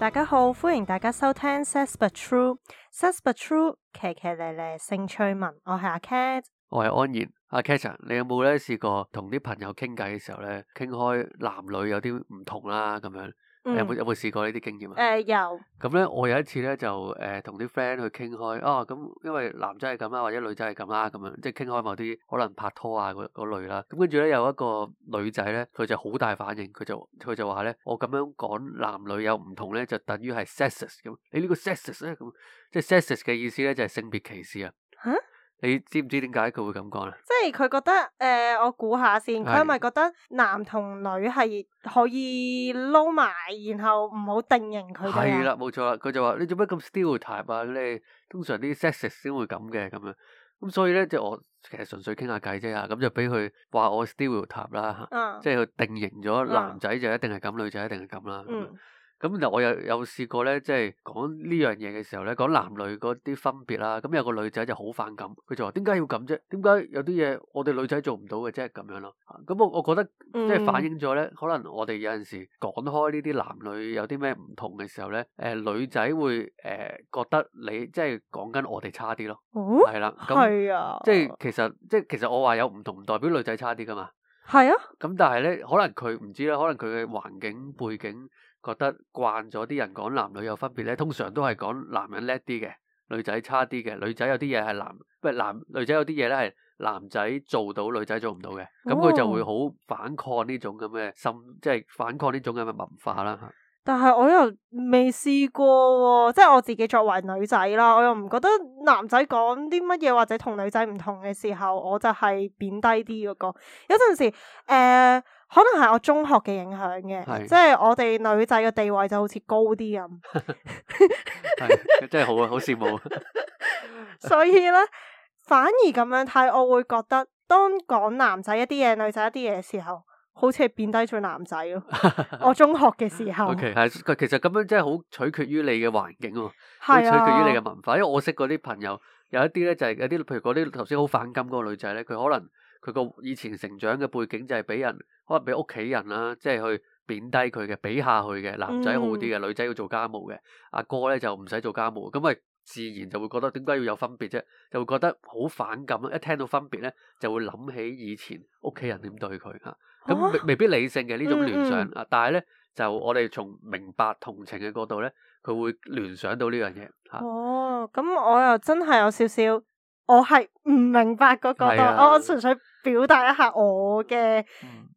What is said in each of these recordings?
大家好，歡迎大家收聽 s《Says but True 奇奇莓莓》，《Says but True》，騎騎咧咧性趣聞，我係阿 Cat，我係安然，阿 Cat 你有冇咧試過同啲朋友傾偈嘅時候咧，傾開男女有啲唔同啦咁樣。嗯、你有冇有冇試過呢啲經驗啊？誒、嗯嗯，有。咁咧，我有一次咧就誒同啲 friend 去傾開啊，咁、哦、因為男仔係咁啦，或者女仔係咁啦，咁樣即係傾開某啲可能拍拖啊嗰嗰類啦。咁跟住咧有一個女仔咧，佢就好大反應，佢就佢就話咧，我咁樣講男女有唔同咧，就等於係 sexist 咁。你呢個 sexist 啊，咁即係 sexist 嘅意思咧就係性別歧視啊。吓、嗯？你知唔知點解佢會咁講咧？即係佢覺得誒、呃，我估下先，佢係咪覺得男同女係可以撈埋，然後唔好定型佢？係啦，冇錯啦，佢就話你做乜咁 stereotype 啊？你通常啲 sexist 先會咁嘅，咁樣，咁所以咧就我其實純粹傾下偈啫啊，咁就俾佢話我 stereotype 啦，嗯、即係佢定型咗男仔就一定係咁，嗯、女仔一定係咁啦。咁嗱，我又有試過咧，即係講呢樣嘢嘅時候咧，講男女嗰啲分別啦、啊。咁有個女仔就好反感，佢就話：點解要咁啫？點解有啲嘢我哋女仔做唔到嘅啫？咁樣咯、啊。咁我我覺得即係反映咗咧，可能我哋有陣時講開呢啲男女有啲咩唔同嘅時候咧，誒、呃、女仔會誒、呃、覺得你即係講緊我哋差啲咯，係、哦、啦。咁係啊。即係其實，即係其實我話有唔同，唔代表女仔差啲噶嘛。係啊。咁但係咧，可能佢唔知啦，可能佢嘅環境背景。覺得慣咗啲人講男女有分別咧，通常都係講男人叻啲嘅，女仔差啲嘅。女仔有啲嘢係男，唔男，女仔有啲嘢咧係男仔做到，女仔做唔到嘅。咁佢就會好反抗呢種咁嘅心，即係反抗呢種咁嘅文化啦。但係我又未試過、啊，即係我自己作為女仔啦，我又唔覺得男仔講啲乜嘢或者同女仔唔同嘅時候，我就係貶低啲嗰、嗰個。有陣時，誒、呃。可能係我中學嘅影響嘅，是即係我哋女仔嘅地位就好似高啲咁，真係好啊，好羨慕啊！所以呢，反而咁樣睇，我會覺得當講男仔一啲嘢、女仔一啲嘢嘅時候，好似係變低咗男仔囉。 我中學嘅時候，OK，係其實咁樣真係好取決於你嘅環境，係啊，取決於你嘅文化。因為我識嗰啲朋友，有一啲呢、就是，就係有啲，譬如嗰啲頭先好反感嗰個女仔呢，佢可能。佢個以前成長嘅背景就係俾人可能俾屋企人啦，即係去貶低佢嘅，比下去嘅。男仔好啲嘅，嗯、女仔要做家務嘅。阿哥咧就唔使做家務，咁咪自然就會覺得點解要有分別啫？就會覺得好反感。一聽到分別咧，就會諗起以前屋企人點對佢嚇。咁、哦嗯、未必理性嘅呢種聯想啊，但係咧就我哋從明白同情嘅角度咧，佢會聯想到呢樣嘢嚇。啊、哦，咁我又真係有少少，我係唔明白、嗰個角度、啊哦，我純粹。表達一下我嘅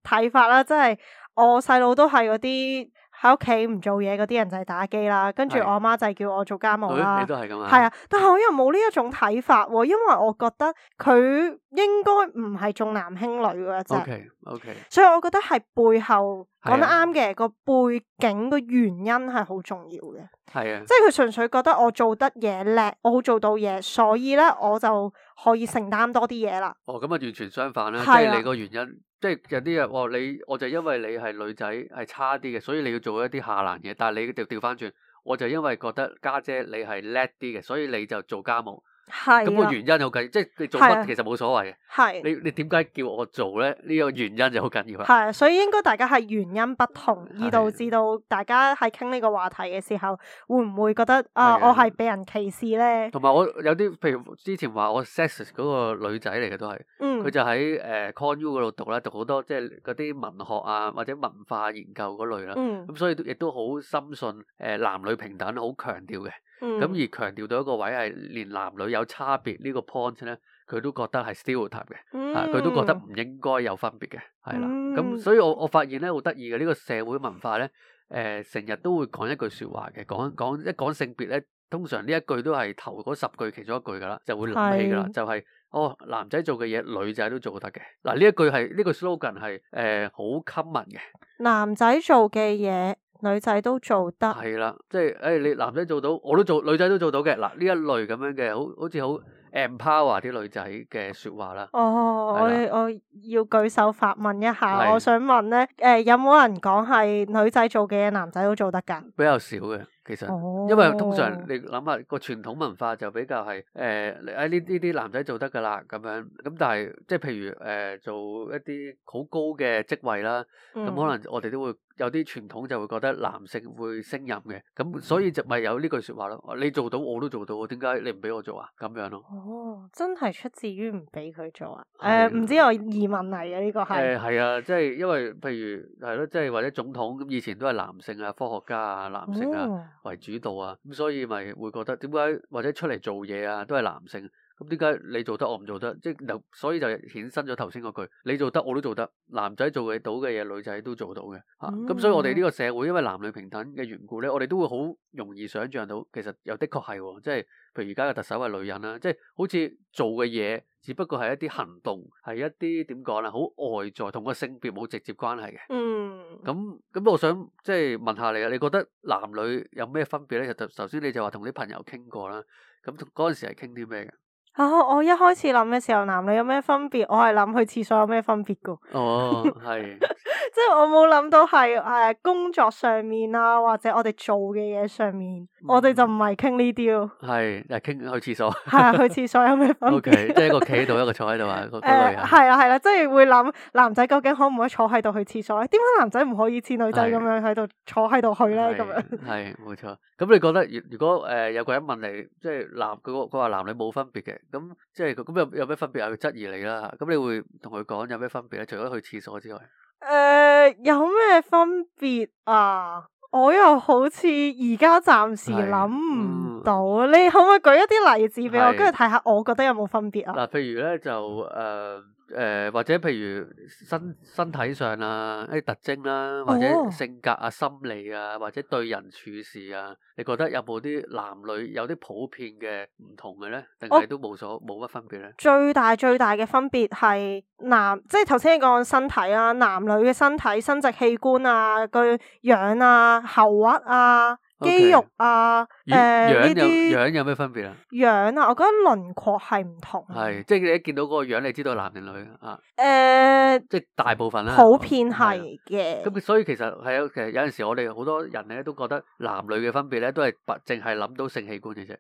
睇法啦，嗯、即係我細佬都係嗰啲喺屋企唔做嘢，嗰啲人就係打機啦，跟住的我阿媽就係叫我做家務啦、嗯。你都係咁啊？係啊，但係我又冇呢一種睇法，因為我覺得佢應該唔係重男輕女噶啫。OK，OK，okay 所以我覺得係背後講的得啱嘅個背景個原因係好重要嘅。係啊的，即係佢純粹覺得我做得嘢叻，我好做到嘢，所以咧我就。可以承擔多啲嘢啦。哦，咁啊，完全相反啦，啊、即係你個原因，即係有啲人，哦，你我就因為你係女仔係差啲嘅，所以你要做一啲下欄嘢。但係你調返轉，我就因為覺得家姐，姐你係叻啲嘅，所以你就做家務。咁是個原因好緊要，即係你做乜其實冇所謂嘅。係是的 你你點解叫我做咧？呢、這個原因就好緊要啊。係，所以應該大家係原因不同，而導致到大家喺傾呢個話題嘅時候，會唔會覺得啊，是的 我係被人歧視咧？同埋我有啲，譬如之前話我 sexist 嗰個女仔嚟嘅都係，佢、嗯、就喺誒 ConU 嗰度讀啦，讀好多即係嗰啲文學啊或者文化研究嗰類啦。嗯、咁、嗯、所以亦都好深信誒男女平等，好強調嘅。咁、嗯、而強調到一個位係連男女有差別呢個 point 咧，佢都覺得係 stereotype 嘅，嗯、啊佢都覺得唔應該有分別嘅，係啦。咁、嗯嗯嗯、所以我我發現咧好得意嘅呢、這個社會文化咧，誒、呃、成日都會講一句説話嘅，講講一講性別咧，通常呢一句都係頭嗰十句其中一句噶啦，就會諗起噶啦，是的 就係、是、哦男仔做嘅嘢女仔都做得嘅。嗱、啊、呢一句係呢個 slogan 係誒好 common 嘅。這個呃、男仔做嘅嘢。女仔都做得係啦，即係誒、哎、你男仔做到，我都做，女仔都做到嘅。嗱，呢一類咁樣嘅好好似好 empower 啲女仔嘅説話啦。哦，的我我要舉手發問一下，的我想問咧誒、呃，有冇人講係女仔做嘅嘢男仔都做得㗎？比較少嘅其實，哦、因為通常你諗下個傳統文化就比較係誒喺呢呢啲男仔做得㗎啦咁樣。咁但係即係譬如誒、呃、做一啲好高嘅職位啦，咁可能我哋都會。嗯有啲傳統就會覺得男性會升任嘅，咁所以就咪有呢句説話咯。你做到我都做到，點解你唔俾我做啊？咁樣咯。哦，真係出自於唔俾佢做啊？誒的，唔、呃、知我疑問嚟嘅呢個係。誒係啊，即係因為譬如係咯，即係或者總統咁以前都係男性啊，科學家啊，男性啊為主導啊，咁、嗯、所以咪會覺得點解或者出嚟做嘢啊都係男性。點解你做得我唔做得？即係，所以就衍生咗頭先嗰句：你做得我都做得。男仔做嘅到嘅嘢，女仔都做到嘅。吓、mm，咁、hmm. 啊、所以我哋呢個社會因為男女平等嘅緣故咧，我哋都會好容易想象到，其實又的確係，即係譬如而家嘅特首係女人啦，即係好似做嘅嘢，只不過係一啲行動，係一啲點講啦，好外在，同個性別冇直接關係嘅。嗯、mm。咁、hmm. 咁，我想即係問下你啊，你覺得男女有咩分別咧？就首先你就話同啲朋友傾過啦，咁嗰陣時係傾啲咩嘅？啊、哦！我一開始諗嘅時候，男女有咩分別？我係諗去廁所有咩分別噶。哦，係。 即係我冇諗到係誒工作上面啊，或者我哋做嘅嘢上面，嗯、我哋就唔係傾呢啲。係，係傾去廁所。係 啊，去廁所有咩分別？Okay, 即係一個企喺度，一個坐喺度啊。誒，係啦，係啦、欸，即係會諗男仔究竟可唔可以坐喺度去廁所？點解男仔唔可以似女仔咁樣喺度坐喺度去咧？咁樣係冇錯。咁你覺得，如果誒有個人問你，即係男佢佢話男女冇分別嘅，咁即係咁有有咩分別啊？佢質疑你啦，咁你會同佢講有咩分別咧？除咗去廁所之外。誒、呃，有咩分別啊？我又好似而家暫時諗唔到，嗯、你可唔可以舉一啲例子俾我，跟住睇下我覺得有冇分別啊？嗱、呃，譬如咧就誒。呃誒、呃，或者譬如身身體上啊，一啲特徵啦、啊，或者性格啊、心理啊，或者對人處事啊，你覺得有冇啲男女有啲普遍嘅唔同嘅咧？定係都冇所冇乜分別咧？最大最大嘅分別係男，即係頭先你講身體啦、啊，男女嘅身體生殖器官啊，佢樣啊、喉核啊。肌肉啊，誒呢啲樣有咩些分別啊？樣啊，我覺得輪廓係唔同，係即係你一見到嗰個樣，你知道男定女啊？誒、呃，即係大部分啦、啊，普遍係嘅。咁所以其實係啊，其實有陣時我哋好多人咧都覺得男女嘅分別咧都係白，淨係諗到性器官嘅啫。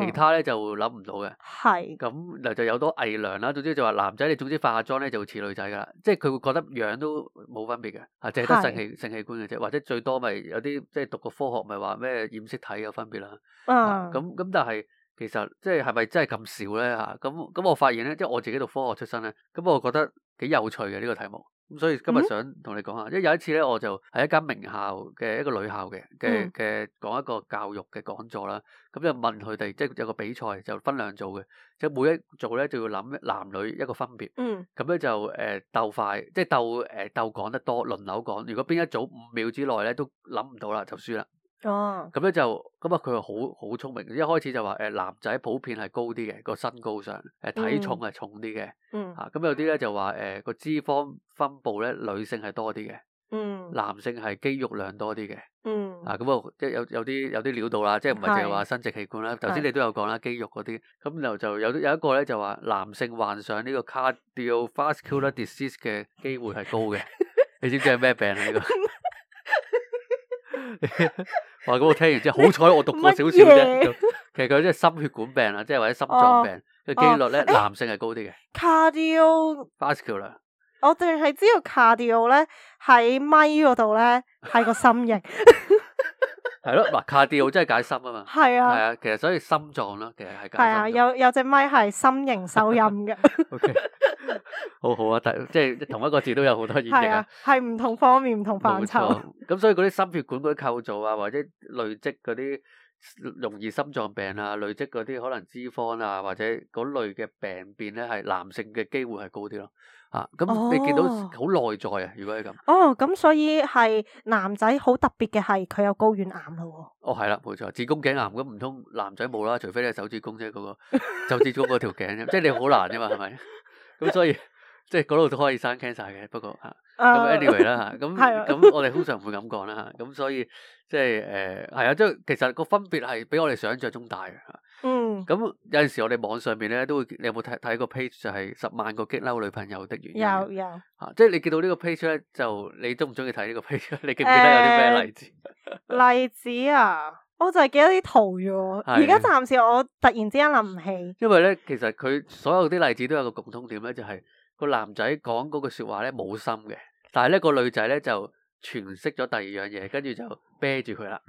其他咧就諗唔到嘅，係咁嗱，就有多偽娘啦。總之就話男仔你總之化下妝咧就會似女仔噶，即係佢會覺得樣都冇分別嘅，啊淨係得性器性器官嘅啫，或者最多咪有啲即係讀個科學咪話咩染色體有分別啦、哦啊。啊咁咁但係其實即係係咪真係咁少咧吓？咁咁我發現咧，即係我自己讀科學出身咧，咁我覺得幾有趣嘅呢個題目。所以今日想同你講下，因為有一次咧，我就喺一間名校嘅一個女校嘅嘅講一個教育嘅講座啦。咁、嗯、就問佢哋，即係有個比賽，就分兩組嘅，即係每一組咧就要諗男女一個分別。咁咧、嗯、就誒鬥、呃、快，即係鬥講得多，輪流講。如果邊一組五秒之內咧都諗唔到啦，就輸啦。哦，咁咧就咁啊！佢係好好聰明，一開始就話誒、呃，男仔普遍係高啲嘅，個身高上，誒體重係重啲嘅，嗯啊，咁有啲咧就話誒個脂肪分布咧女性係多啲嘅，嗯，男性係肌肉量多啲嘅，嗯啊咁啊，即係有有啲有啲料到啦，即係唔係淨係話生殖器官啦，頭先你都有講啦，肌肉嗰啲，咁又就有有一個咧就話男性患上呢個 cardiovascular disease 嘅、嗯、機會係高嘅， 你知唔知係咩病啊呢個？ 話咁 我聽完之後，你好彩我讀過少少啫。麼 其實佢即係心血管病啦，即係或者心臟病嘅幾、哦、率咧，哎、男性係高啲嘅。Cardio，vascular。我淨係知道 cardio 咧喺咪嗰度咧係個心形。 係咯，嗱，cardio 真係解心啊嘛。係啊，其實所以心臟咯，其實係解心。係啊，有有隻咪係心形收音嘅。OK，好好啊，但即係同一個字都有好多意境啊。係唔同方面、唔同範疇。咁所以嗰啲心血管嗰啲構造啊，或者累積嗰啲容易心臟病啊，累積嗰啲可能脂肪啊，或者嗰類嘅病變咧，係男性嘅機會係高啲咯。啊，咁你見到好內在啊？如果係咁，哦，咁所以係男仔好特別嘅，係佢有睾丸癌咯。哦，係啦，哦，冇錯，子宮頸癌咁唔通男仔冇啦？除非你係手指公啫，嗰，嗰個就接咗嗰條頸啫， 即係你好難啫嘛，係咪？ 咁所以。即係嗰度都可以生 cancer 嘅，不過吓咁 anyway 啦吓，咁咁、uh, 我哋通常唔會咁講啦吓，咁 所以即係誒係啊，即係其實個分別係比我哋想象中大嘅吓。嗯，咁有陣時我哋網上面咧都會，你有冇睇睇個 page 就係十萬個激嬲女朋友的原因？有有啊，即係你見到個呢個 page 咧，就你中唔中意睇呢個 page？ 你記唔記得有啲咩例子？ 例子啊，我就係記得啲圖咗。而家暫時我突然之間諗唔起，因為咧其實佢所有啲例子都有個共通點咧，就係、是。個男仔講嗰句說話咧冇心嘅，但係咧、個女仔咧就詮釋咗第二樣嘢，跟住就啤住佢啦。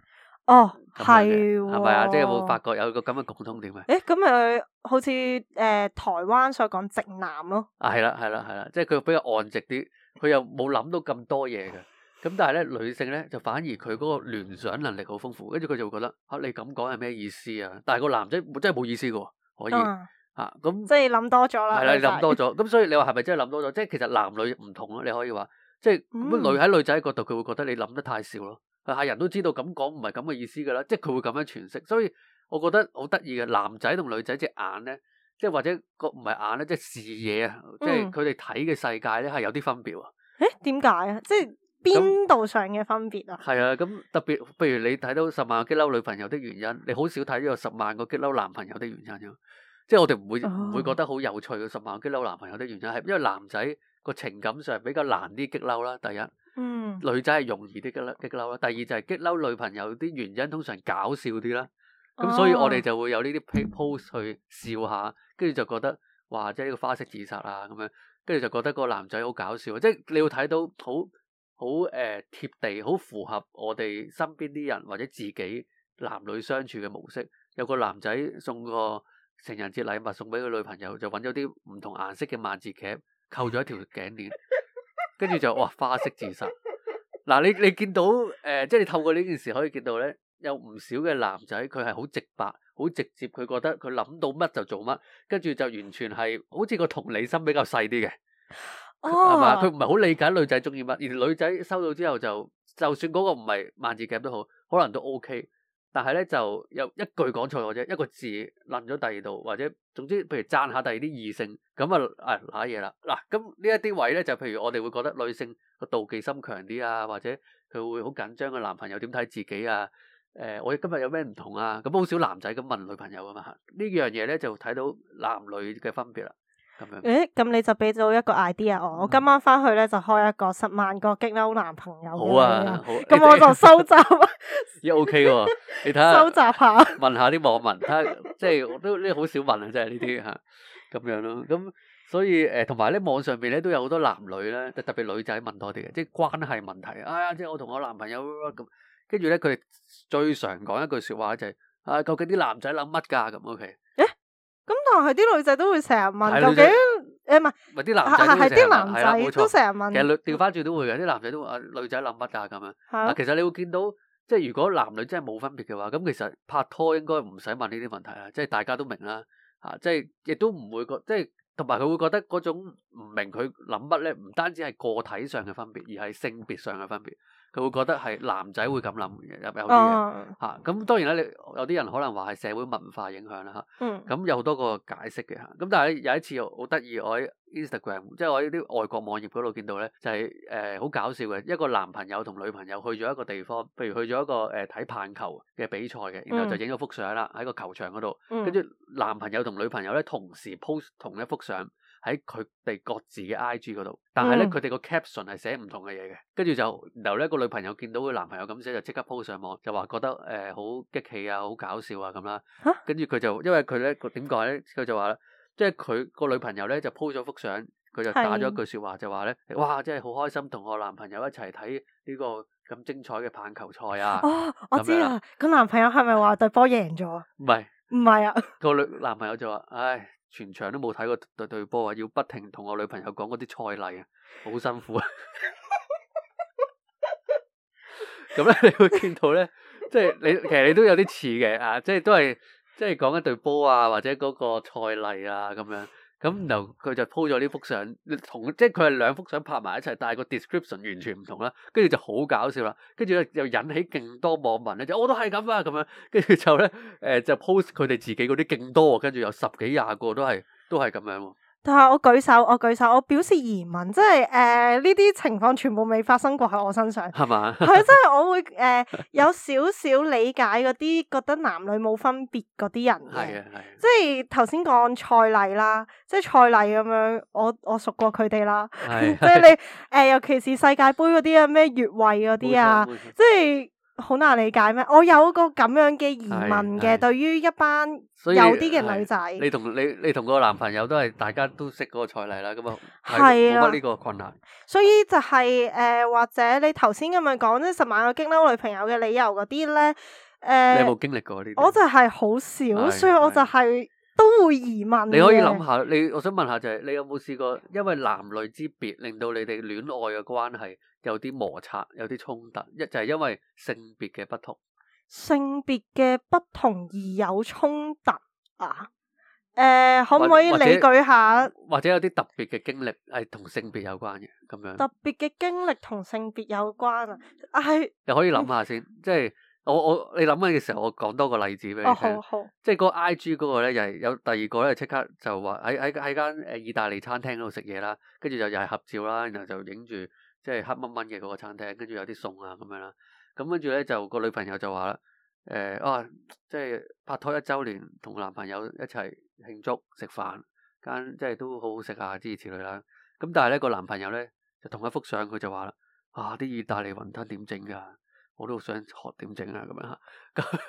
哦，係係咪啊？即係有冇發覺有個咁嘅共通點啊？誒、欸，咁咪好似誒、呃、台灣所講直男咯。啊，係啦，係啦，係啦，即係佢比較岸直啲，佢又冇諗到咁多嘢嘅。咁但係咧女性咧就反而佢嗰個聯想能力好豐富，跟住佢就會覺得啊，你咁講係咩意思啊？但係個男仔真係冇意思嘅，可以。嗯啊，咁即係諗多咗啦，係啦諗多咗，咁所以你話係咪真係諗多咗？即係其實男女唔同咯，你可以話即係咁女喺女仔角度，佢會覺得你諗得太少咯。客人都知道咁講唔係咁嘅意思噶啦，即係佢會咁樣詮釋，所以我覺得好得意嘅男仔同女仔隻眼咧，即係或者個唔係眼咧，即係視野啊，即係佢哋睇嘅世界咧係有啲分別喎。誒，點解啊？即係邊度上嘅分別啊？係啊，咁特別，譬如你睇到十萬個激嬲女朋友的原因，你好少睇呢個十萬個激嬲男朋友的原因噶。即係我哋唔會唔、oh. 會覺得好有趣嘅十萬激嬲男朋友的原因係，因為男仔個情感上比較難啲激嬲啦。第一，嗯，mm. 女仔係容易啲激激嬲啦。第二就係激嬲女朋友啲原因通常搞笑啲啦。咁、oh. 所以我哋就會有呢啲 pose 去笑下，跟住就覺得哇，即係呢個花式自殺啊咁樣，跟住就覺得個男仔好搞笑。即係你會睇到好好誒貼地，好符合我哋身邊啲人或者自己男女相處嘅模式。有個男仔送個。情人節禮物送俾佢女朋友，就揾咗啲唔同顏色嘅萬字夾，扣咗一條頸鏈，跟住就哇花式自殺。嗱、啊，你你見到誒、呃，即係你透過呢件事可以見到咧，有唔少嘅男仔佢係好直白、好直接，佢覺得佢諗到乜就做乜，跟住就完全係好似個同理心比較細啲嘅，係嘛、啊？佢唔係好理解女仔中意乜，而女仔收到之後就，就算嗰個唔係萬字夾都好，可能都 OK。但係咧就有一句講錯咗啫，一個字楞咗第二度，或者總之譬如讚下第二啲異性，咁啊啊瀨嘢啦，嗱、哎、咁呢一啲位咧就譬如我哋會覺得女性個妒忌心強啲啊，或者佢會好緊張個男朋友點睇自己啊，誒、呃、我今日有咩唔同啊，咁好少男仔咁問女朋友噶嘛，吓，呢樣嘢咧就睇到男女嘅分別啦。誒，咁你就俾咗一個 idea 我，我今晚翻去咧就開一個十萬個激嬲男朋友，好啊，好啊，咁我就收集，咦，OK 喎，你睇下，收集下，問下啲網民，睇下即係我都呢好少問啊，即係呢啲吓，咁樣咯，咁所以誒，同埋咧網上邊咧都有好多男女咧，就特別女仔問多啲嘅，即係關係問題，啊，即係我同我男朋友咁，跟住咧佢哋最常講一句說話就係啊，究竟啲男仔諗乜噶咁 OK？咁但係啲女仔都會成日問究竟，誒唔係，唔係啲男仔係啲男仔都成日問。其實掉返轉都會有啲男仔都話女仔諗乜噶咁樣。嗱的，其實你會見到即係如果男女真係冇分別嘅話，咁其實拍拖應該唔使問呢啲問題啦。即係大家都明啦，吓即係亦都唔會覺即係同埋佢會覺得嗰種唔明佢諗乜咧，唔單止係個體上嘅分別，而係性別上嘅分別。佢會覺得係男仔會咁諗嘅，有有啲嘢嚇。咁當然啦，你有啲人可能話係社會文化影響啦嚇。咁、uh, 啊、有好多個解釋嘅。咁、啊、但係有一次好得意，我喺 Instagram 即係我喺啲外國網頁嗰度見到咧，就係誒好搞笑嘅一個男朋友同女朋友去咗一個地方，譬如去咗一個誒睇、呃、棒球嘅比賽嘅，然後就影咗幅相啦，喺個球場嗰度。跟住、uh, uh, 男朋友同女朋友咧同時 post 同一幅相。喺佢哋各自嘅 IG 嗰度，但係咧佢哋個 caption 係寫唔同嘅嘢嘅，跟住就，然後咧個女朋友見到佢男朋友咁寫，就即刻 po 上網，就話覺得誒好，呃、激氣啊，好搞笑啊咁啦。跟住佢就因為佢咧點解咧，佢就話咧，即係佢個女朋友咧就 po 咗幅相，佢就打咗句說話就話咧，是哇，真係好開心同我男朋友一齊睇呢個咁精彩嘅棒球賽啊！哦，我知啦。咁男朋友係咪話隊波贏咗啊？唔係，唔係啊。個女男朋友就話，唉。全場都冇睇過對對波啊！要不停同我女朋友講嗰啲賽例啊，好辛苦啊！咁咧你會見到咧，即係你其實你都有啲似嘅啊！即係都係即係講一對波啊，或者嗰個賽例啊咁樣。咁然後佢就 post 咗呢幅相，同即係佢係兩幅相拍埋一齊，但係個 description 完全唔同啦。跟住就好搞笑啦，跟住咧又引起勁多網民咧，就我、哦、都係咁啊，咁樣跟住就咧誒、呃、就 post 佢哋自己嗰啲勁多，跟住有十幾廿個都係都係咁樣。但係我舉手，我舉手，我表示疑問，即係誒呢啲情況全部未發生過喺我身上，係嘛是吧？係，即係我會誒、呃、有少少理解嗰啲覺得男女冇分別嗰啲人，係啊係。即係頭先講蔡麗啦，即係蔡麗咁樣，我我熟過佢哋啦。的 即係你誒、呃，尤其是世界杯嗰啲啊，咩越位嗰啲啊，即係。好難理解咩？我有個咁樣嘅疑問嘅，是是對於一班有啲嘅女仔，你同你你同個男朋友都係大家都識嗰個彩禮啦，咁啊冇乜呢個困難。啊、所以就係、是、誒、呃，或者你頭先咁樣講即十萬個激嬲女朋友嘅理由嗰啲咧，誒、呃，你有冇經歷過呢？我就係好少，所以我就係都會疑問。你可以諗下，你我想問下就係、是，你有冇試過因為男女之別令到你哋戀愛嘅關係？有啲摩擦，有啲衝突，一就係、是、因為性別嘅不同，性別嘅不同而有衝突啊。誒、呃，可唔可以理舉下或，或者有啲特別嘅經歷係同性別有關嘅咁樣。特別嘅經歷同性別有關啊。你又、哎、可以諗下先， 即係我我你諗緊嘅時候，我講多個例子俾你聽好、哦、好，好即係嗰 IG 嗰個咧，又係有第二個咧，即刻就話喺喺喺間誒意大利餐廳度食嘢啦，跟住就又係合照啦，然後就影住。即係黑蚊蚊嘅嗰個餐廳，跟住有啲餸啊咁樣啦。咁跟住咧就個女朋友就話啦：，誒，啊，即係拍拖一周年，同男朋友一齊慶祝食飯間，即係都好好食啊，之如此類啦。咁但係咧個男朋友咧就同一幅相，佢就話啦：，啊，啲意大利雲吞點整噶？我都想學點整啊，咁樣。咁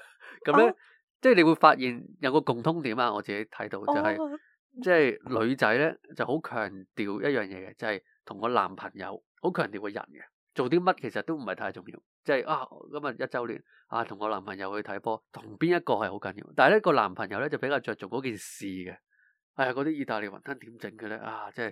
咁咧，oh. 即係你會發現有個共通點啊。我自己睇到就係，即係女仔咧就好強調一樣嘢嘅，就係同個男朋友。好強調個人嘅做啲乜其實都唔係太重要，即係啊今日一週年啊同我男朋友去睇波，同邊一個係好緊要？但係呢個男朋友咧就比較着重嗰件事嘅。唉、哎，嗰啲意大利雲吞點整嘅咧啊，即係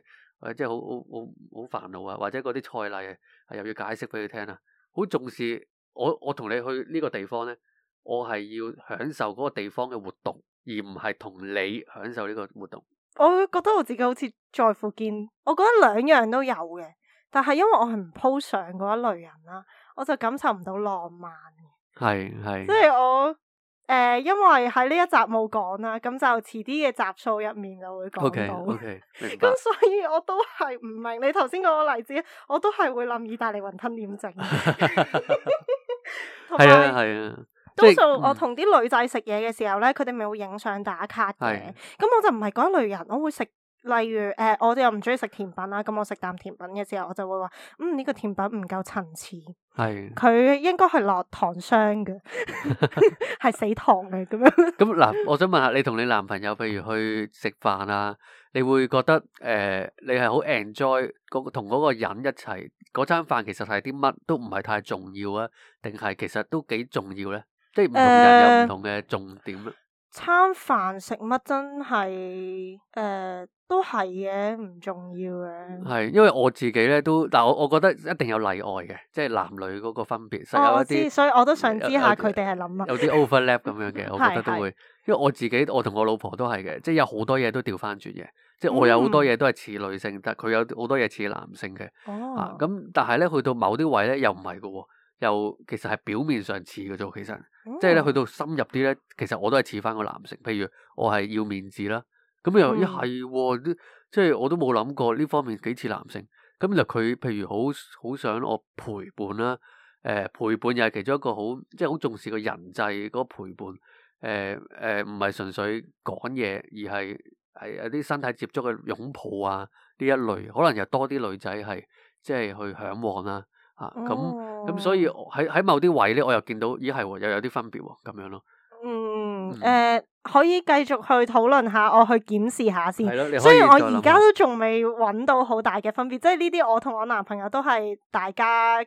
即係好好好好煩惱啊！或者嗰啲菜例啊又要解釋俾佢聽啦。好重視我我同你去呢個地方咧，我係要享受嗰個地方嘅活動，而唔係同你享受呢個活動。我覺得我自己好似在乎見，我覺得兩樣都有嘅。但係因為我係唔 po 相嗰一類人啦，我就感受唔到浪漫。係係，即係我誒、呃，因為喺呢一集冇講啦，咁就遲啲嘅集數入面就會講到。Okay, OK，明白。咁 所以我都係唔明你頭先講嘅例子，我都係會諗意大利雲吞點整。係啊係啊，啊多數我同啲女仔食嘢嘅時候咧，佢哋咪會影相打卡嘅，咁是我就唔係嗰一類人，我會食。例如誒、呃，我又唔中意食甜品啦，咁、嗯、我食啖甜品嘅時候，我就會話：嗯，呢個甜品唔夠層次，係佢的應該係落糖霜嘅，係 死糖嚟。嗯」咁樣。咁嗱，我想問下你同你男朋友，譬如去食飯啊，你會覺得誒、呃，你係好 enjoy 嗰同嗰個人一齊嗰餐飯，其實係啲乜都唔係太重要啊？定係其實都幾重要咧？即係唔同人有唔同嘅重點。呃餐飯食乜真係誒、呃，都係嘅，唔重要嘅。係因為我自己咧都，但我我覺得一定有例外嘅，即係男女嗰個分別。哦，知，所以我都想知下佢哋係諗乜。 有啲 overlap 咁樣嘅， 我覺得都會。是是因為我自己，我同我老婆都係嘅，即係有好多嘢都掉翻轉嘅。即係我有好多嘢都係似女性，但係佢有好多嘢似男性嘅。哦。咁、啊、但係咧，去到某啲位咧，又唔係噶喎。又其實係表面上似嘅啫，其實即係咧去到深入啲咧，其實我都係似翻個男性。譬如我係要面子啦，咁又一係、嗯哎哦、即係我都冇諗過呢方面幾似男性。咁就佢譬如好好想我陪伴啦，誒、呃、陪伴又係其中一個好即係好重視個人際嗰個陪伴。誒誒唔係純粹講嘢，而係係有啲身體接觸嘅擁抱啊呢一類，可能又多啲女仔係即係去向往啦啊咁。啊啊咁所以喺喺某啲位咧，我又見到咦係又有啲分別喎，咁樣咯。嗯，誒、嗯呃、可以繼續去討論下，我去檢視下先。係咯，你可以所以我而家都仲未揾到好大嘅分別，即係呢啲我同我男朋友都係大家誒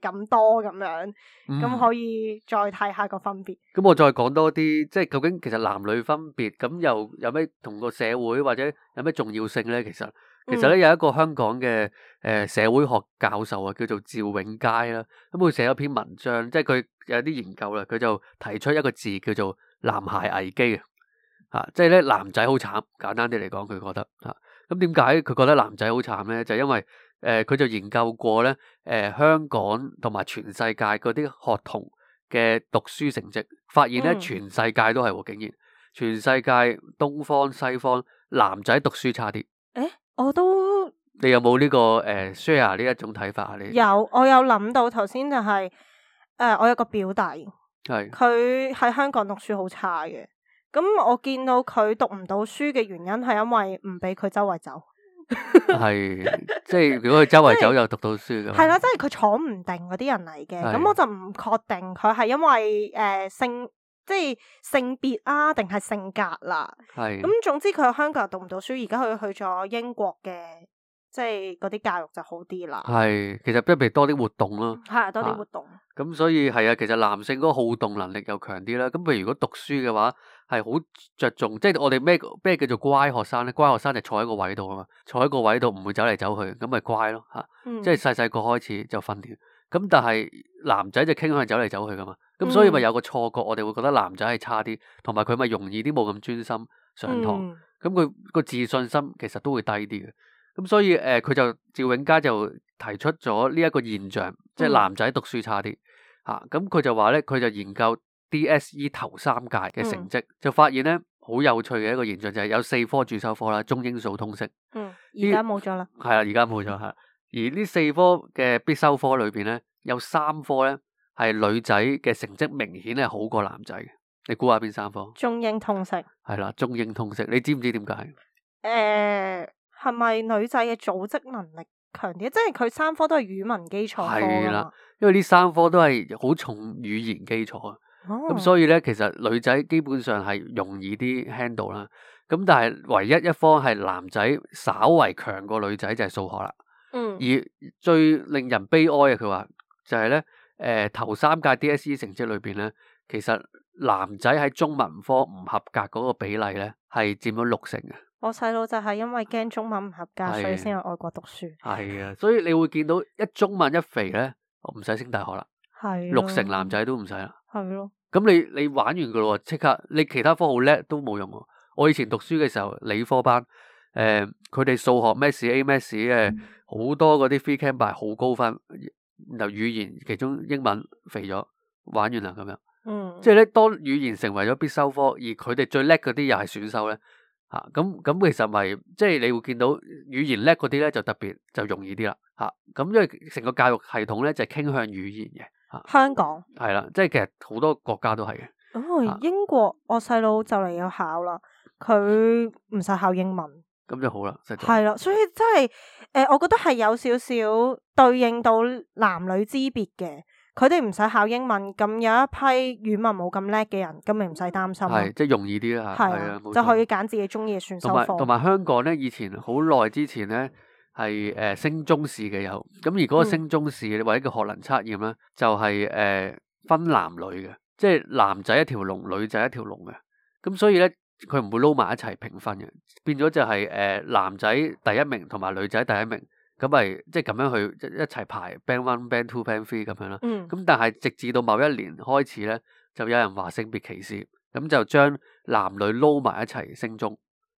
咁、呃、多咁樣，咁可以再睇下個分別。咁、嗯、我再講多啲，即係究竟其實男女分別咁又有咩同個社會或者有咩重要性咧？其實。其實咧有一個香港嘅誒、呃、社會學教授啊，叫做趙永佳啦。咁、啊、佢寫咗篇文章，即係佢有啲研究啦。佢就提出一個字叫做男孩危機啊！即係咧男仔好慘，簡單啲嚟講，佢覺得吓。咁點解佢覺得男仔好慘咧？就係、因為誒，佢、呃、就研究過咧，誒、呃，香港同埋全世界嗰啲學童嘅讀書成績，發現咧、嗯、全世界都係、啊，竟然全世界東方西方男仔讀書差啲誒。我都，你有冇呢、這個誒、uh, share 呢一種睇法啊？呢有，我有諗到頭先就係、是、誒、呃，我有個表弟，係佢喺香港讀書好差嘅，咁我見到佢讀唔到書嘅原因係因為唔俾佢周圍走，係 即係如果佢周圍走又讀到書噶，係啦 就是，即係佢坐唔定嗰啲人嚟嘅，咁是我就唔確定佢係因為誒、呃、性。即係性別啊，定係性格啦、啊。係咁是，總之佢喺香港讀唔到書，而家佢去咗英國嘅，即係嗰啲教育就好啲啦。係，其實不如多啲活動咯、啊，係、啊、多啲活動。咁、啊、所以係啊，其實男性嗰個好動能力又強啲啦。咁譬如如果讀書嘅話，係好着重，即係我哋咩咩叫做乖學生咧？乖學生就坐喺個位度啊嘛，坐喺個位度唔會走嚟走去，咁咪乖咯吓。啊嗯、即係細細個開始就訓練。咁但係男仔就傾向走嚟走去噶嘛。咁、嗯、所以咪有個錯覺，我哋會覺得男仔係差啲，同埋佢咪容易啲冇咁專心上堂。咁佢個自信心其實都會低啲嘅。咁所以誒，佢、呃、就趙永佳就提出咗呢一個現象，即係男仔讀書差啲嚇。咁佢就話咧，佢就研究 DSE 頭三屆嘅成績，就發現咧好有趣嘅一個現象，就係有四科必修科啦，中英數通識。嗯，而家冇咗啦。係啦，而家冇咗嚇。而呢四科嘅必修科裏邊咧，有三科咧。係女仔嘅成績明顯係好過男仔，你估下邊三科？中英通識係啦，中英通識，你知唔知點解？誒、呃，係咪女仔嘅組織能力強啲？即係佢三科都係語文基礎科啊。係啦，因為呢三科都係好重語言基礎啊。咁、哦、所以咧，其實女仔基本上係容易啲 handle 啦。咁但係唯一一方係男仔稍為強過女仔就係數學啦。嗯。而最令人悲哀嘅，佢話就係、是、咧。誒、呃、頭三屆 DSE 成績裏邊咧，其實男仔喺中文科唔合格嗰個比例咧，係佔咗六成嘅。我細佬就係因為驚中文唔合格，係啊，所以先去外國讀書。係啊，所以你會見到一中文一肥咧，我唔使升大學啦。係啊，六成男仔都唔使啦。係咯，係啊。咁你你玩完噶啦喎，即刻你其他科好叻都冇用喎。我以前讀書嘅時候，理科班誒，佢哋數學 Maths、A Maths 好多嗰啲 freecam 好高分。然後語言其中英文肥咗玩完啦咁樣，嗯，即係咧當語言成為咗必修科，而佢哋最叻嗰啲又係選修咧，吓、咁咁其實咪、就是、即係你會見到語言叻嗰啲咧就特別就容易啲啦，吓、啊、咁、嗯、因為成個教育系統咧就係傾向語言嘅，啊、香港係啦，即係其實好多國家都係嘅，哦、啊、英國我細佬就嚟要考啦，佢唔使考英文。咁就好啦，係啦，所以真係，誒、呃，我覺得係有少少對應到男女之別嘅，佢哋唔使考英文，咁有一批語文冇咁叻嘅人，咁咪唔使擔心咯，係即係容易啲啦，係的，就可以揀自己中意嘅選修課，同埋，同埋，香港呢，以前好耐之前呢，係誒、呃、升中試嘅有，咁如果個升中試、嗯、或者叫學能測驗呢，就係、是、誒、呃、分男女嘅，即係男仔一條龍，女仔一條龍嘅，咁所以呢。佢唔會撈埋一齊評分嘅，變咗就係、是、誒、呃、男仔第一名同埋女仔第一名，咁咪即係咁樣去一一齊排 band one band two band three 咁樣啦。咁、嗯、但係直至到某一年開始咧，就有人話性別歧視，咁就將男女撈埋一齊升中，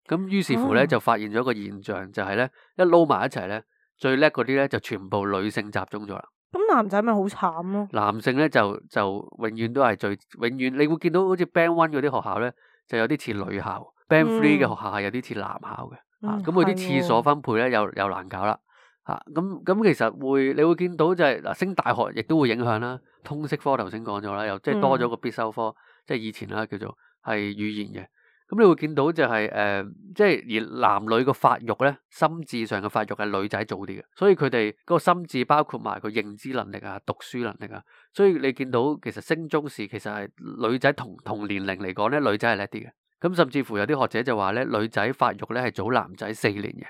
咁於是乎咧、嗯、就發現咗一個現象就呢，就係咧一撈埋一齊咧最叻嗰啲咧就全部女性集中咗啦。咁男仔咪好慘咯。男性咧就就永遠都係最永遠你會見到好似 band one 嗰啲學校咧。就有啲似女校，Band Three 嘅學校係有啲似男校嘅，嗯啊，啊，咁佢啲廁所分配咧又又難搞啦，吓咁咁其實會你會見到就係、是、嗱升大學亦都會影響啦，通識科頭先講咗啦，又即係多咗個必修科，嗯，即係以前啦叫做係語言嘅。咁你會見到就係、是、誒、呃，即係而男女個發育咧，心智上嘅發育係女仔早啲嘅，所以佢哋嗰個心智包括埋個認知能力啊、讀書能力啊，所以你見到其實升中試其實係女仔同同年齡嚟講咧，女仔係叻啲嘅。咁甚至乎有啲學者就話咧，女仔發育咧係早男仔四年嘅。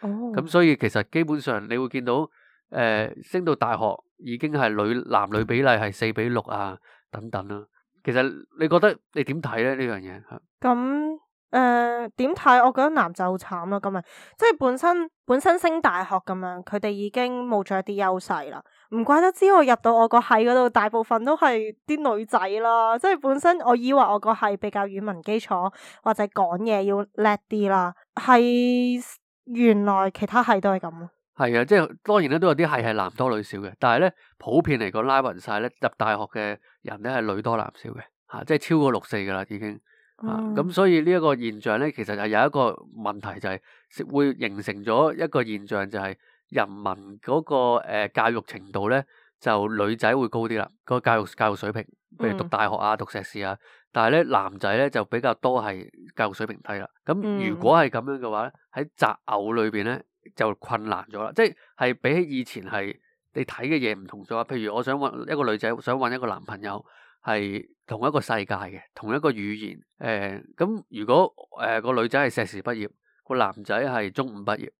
哦，咁所以其實基本上你會見到誒、呃，升到大學已經係女男女比例係四比六啊，等等咯、啊。其實你覺得，你點睇咧呢樣嘢？咁誒，點睇？我覺得男仔好慘啊。咁啊，即係本身本身升大學咁樣，佢哋已經冇咗啲優勢啦。唔怪得之，我入到我個系嗰度，大部分都係啲女仔啦。即係本身我以為我個系比較語文基礎或者講嘢要叻啲啦，係原來其他系都係咁啊。係啊，即係當然咧，都有啲係係男多女少嘅，但係咧普遍嚟講，拉匀晒咧入大學嘅人咧係女多男少嘅，吓、啊、即係超過六四噶啦已經，咁、啊嗯、所以呢一個現象咧，其實係有一個問題就係、是、會形成咗一個現象、就是，就係人民嗰、那個誒、呃、教育程度咧就女仔會高啲啦，個教育教育水平譬如讀大學啊、讀碩士啊，嗯、但係咧男仔咧就比較多係教育水平低啦。咁如果係咁樣嘅話咧，喺擇偶裏邊咧。嗯嗯就困難咗啦，即係比起以前係你睇嘅嘢唔同咗。譬如我想揾一個女仔，想揾一個男朋友，係同一個世界嘅，同一個語言。誒、呃，咁如果誒、呃個女仔係碩士畢業，個男仔係中五畢業，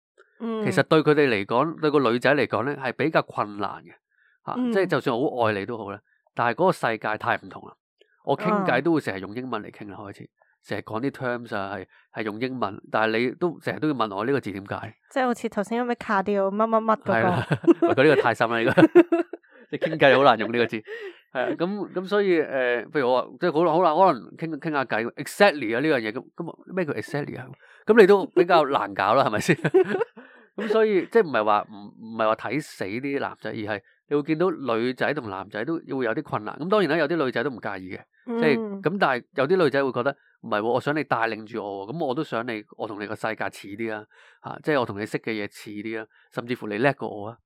嗯、其實對佢哋嚟講，對個女仔嚟講呢係比較困難嘅。吓、啊，嗯、即係就算好愛你都好咧，但係嗰個世界太唔同啦。我傾偈都會成日用英文嚟傾啦，開始。成日講啲 terms 啊，係係用英文，但係你都成日都要問我呢個字點解？即係好似頭先有咩卡掉乜乜乜嗰個了。係啦，佢呢個太深啦，呢個。你傾偈好難用呢個字。係啊，咁咁所以誒，譬如我話即係好好難，可能傾傾下偈 exactly 啊呢樣嘢咁，咁啊咩叫 exactly 啊？咁你都比較難搞啦，係咪先？咁所以即係唔係話唔唔係話睇死啲男仔，而係你會見到女仔同男仔都會有啲困難。咁當然啦，有啲女仔都唔介意嘅。即係咁，嗯、但係有啲女仔會覺得唔係，我想你帶領住我，咁我都想你，我同你個世界似啲啊，吓，即係我同你識嘅嘢似啲啊，甚至乎你叻過我啊，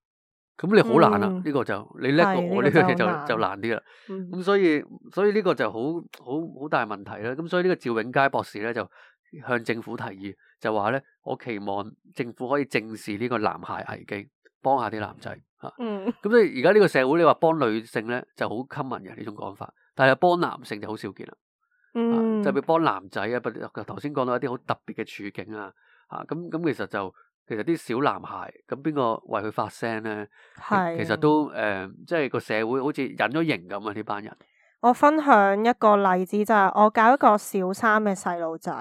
咁你好難啊，呢、嗯、個就你叻過我呢個嘢就就難啲啦。咁、嗯、所以所以呢個就好好好大問題啦。咁所以呢個趙永佳博士咧就向政府提議，就話咧我期望政府可以正視呢個男孩危機，幫下啲男仔吓。咁所以而家呢個社會你話幫女性咧就好 common 嘅呢種講法。但係幫男性就好少見啦，嗯，啊、就係、是、幫男仔啊，不過頭先講到一啲好特別嘅處境啊，嚇，咁咁其實就其實啲小男孩咁，邊個為佢發聲咧？係是其實都誒，即、呃、係、就是、個社會好似隱咗形咁啊！呢班人，我分享一個例子就係、是、我教一個小三嘅細路仔，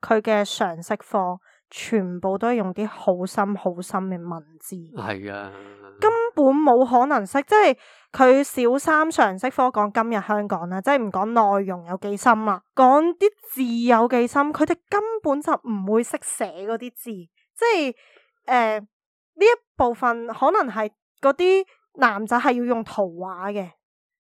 佢嘅常識課。全部都係用啲好深好深嘅文字，係啊的，根本冇可能識，即係佢小三常識科講今日香港啦，即係唔講內容有幾深啦，講啲字有幾深，佢哋根本就唔會識寫嗰啲字，即係誒呢一部分可能係嗰啲男仔係要用圖畫嘅，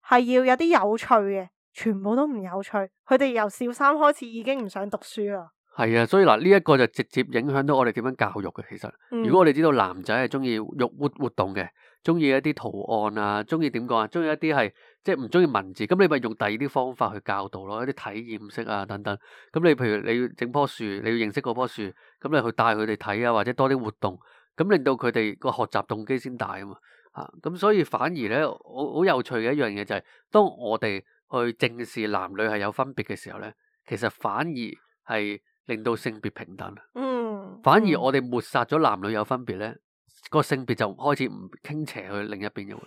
係要有啲有趣嘅，全部都唔有趣，佢哋由小三開始已經唔想讀書啦。係啊，所以嗱呢一個就直接影響到我哋點樣教育嘅。其實如果我哋知道男仔係中意郁活活動嘅，中意一啲圖案啊，中意點講啊，中意一啲係即係唔中意文字，咁你咪用第二啲方法去教導咯、啊，一啲體驗式啊等等。咁你譬如你要整棵樹，你要認識嗰棵樹，咁你去帶佢哋睇啊，或者多啲活動，咁令到佢哋個學習動機先大啊嘛。啊，咁所以反而咧好好有趣嘅一樣嘢就係，當我哋去正視男女係有分別嘅時候咧，其實反而係。令到性別平等，嗯，反而我哋抹殺咗男女有分別咧，個、嗯、性別就開始唔傾斜去另一邊嘅，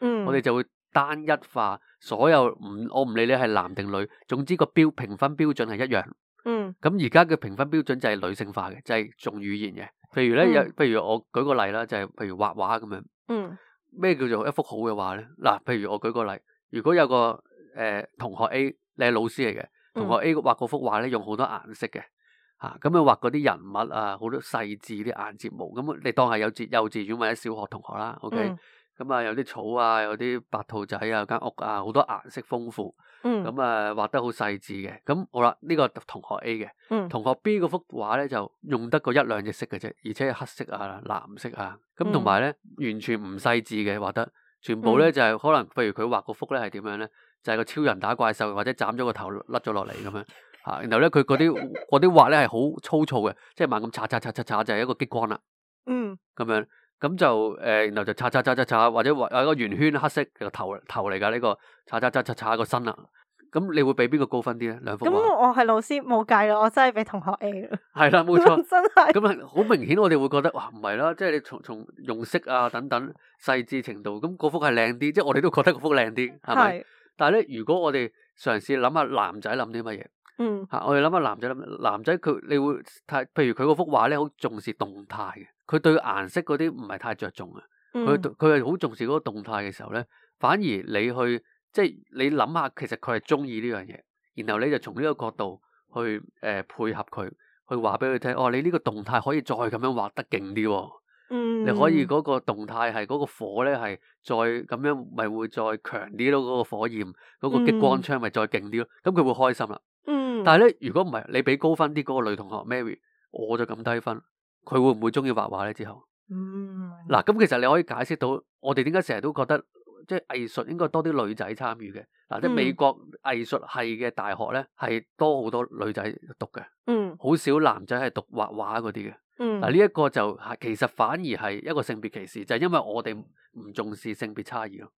嗯，我哋就會單一化所有唔，我唔理你係男定女，總之個標評分標準係一樣，嗯，咁而家嘅評分標準就係女性化嘅，就係、是、重語言嘅，譬如咧，有譬、嗯、如我舉個例啦，就係、是、譬如畫畫咁樣，嗯，咩叫做一幅好嘅畫咧？嗱、啊，譬如我舉個例，如果有個誒、呃、同學 A，你係老師嚟嘅，同學 A 畫嗰幅畫咧，用好多顏色嘅。吓，咁啊畫嗰啲人物啊，好樣多細緻啲眼睫毛，咁你、嗯、當係有幼幼稚園或者小學同學啦，OK，咁啊有啲草啊，有啲白兔仔啊，間屋啊，好多顏色豐富，咁啊畫得好細緻嘅，咁好啦，呢個同學 A 嘅，同學 B 嗰幅畫咧就用得個一兩隻、嗯、色嘅啫，而且係黑色啊、藍色啊，咁同埋咧完全唔細緻嘅畫得，全部咧就係可能，譬如佢畫嗰幅咧係點樣咧，就係、是、個超人打怪獸，或者斬咗個頭甩咗落嚟咁樣。吓，然後咧佢嗰啲嗰啲畫咧係好粗糙嘅，即係猛咁擦擦擦擦擦就係一個激光啦。嗯，咁樣咁就誒，然後就擦擦擦擦擦，或者畫有個圓圈黑色個頭頭嚟噶，呢個擦擦擦擦擦個身啦。咁你會俾邊個高分啲咧？兩幅畫，咁我係老師冇計啦，我真係俾同學 A 啦。係啦，冇錯，真係。咁好明顯我哋會覺得哇唔係啦，即係你從從用色啊等等細緻程度，咁嗰幅係靚啲，即係我哋都覺得嗰幅靚啲，係咪？但係咧，如果我哋嘗試諗下男仔諗啲乜嘢？嗯，吓我哋諗下男仔諗，男仔佢你會太，譬如佢嗰幅畫咧，好重視動態嘅。佢對顏色嗰啲唔係太着重啊。佢佢係好重視嗰個動態嘅時候咧，反而你去即係你諗下，其實佢係中意呢樣嘢。然後你就從呢個角度去誒、呃、配合佢去話俾佢聽哦，你呢個動態可以再咁樣畫得勁啲。嗯，你可以嗰個動態係嗰個火咧係再咁樣咪會再強啲咯。嗰、那個火焰嗰、那個激光槍咪再勁啲咯。咁佢、嗯嗯、會開心啦。嗯，但係咧，如果唔係你俾高分啲嗰個女同學 Mary，我就咁低分，佢會唔會中意畫畫咧？之後，嗯，嗱，咁其實你可以解釋到，我哋點解成日都覺得即係藝術應該多啲女仔參與嘅，嗱，即係美國藝術系嘅大學咧係多好多女仔讀嘅，嗯，好少男仔係讀畫畫嗰啲嘅，嗯，嗱呢一個就係其實反而係一個性別歧視，就係因為我哋唔重視性別差異咯。